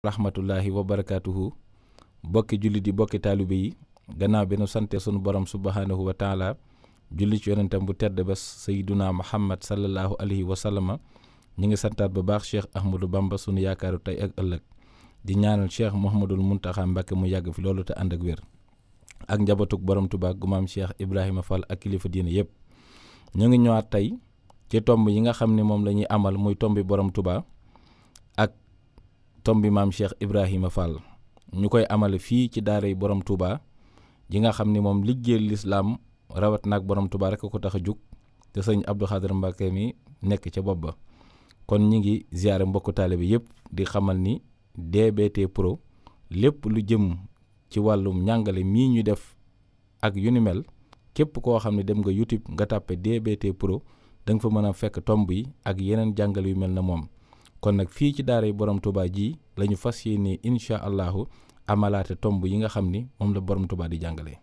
rahmatullahi wa barakaatuhu bokki jullit yi bokki taalibe yi gannaaw bi nu sante sunu borom subhaanahu wa taala julli ci yonentam bu tedd ba sayyiduna muhammad sallallahu alayhi wa sallama ñu ngi santaat bu baax cheikh ahmadou bamba sunu yaakaaru tey ak ëllëg di ñaanal cheikh mouhamadul muntaxa mbàkke mu yàgg fi loolu te ànd ak wér ak njabatuk borom tubaa gu maam cheikh ibrahima fall ak kilifa diine yëpp ñu ngi ñëwaat tey ci tomb yi nga xam ne moom la ñuy amal muy tombi borom Tuubaa tombi maam Cheikh Ibrahima Fall ñu koy amale fii ci daara yi borom Touba ji nga xam ni moom liggéeyal lislaam rawat naag borom Touba rek ko tax a jug te sañ Abdou Khader Mbacke mi nekk ca bopp ba kon ñi ngi ziare mbokku taalibe yëpp di xamal ni DBT Pro lépp lu jëm ci wàllum njàngale mii ñu def ak yu ni mel képp koo xam ne dem nga YouTube nga tàppe DBT Pro danga fa mën a fekk tomb yi ak yeneen jàngale yu mel na moom. kon nag fii ci daara yi borom Touba ji la ñu fas yéene incha allahu amalaate tomb yi nga xam ni moom la borom Touba di jàngalee.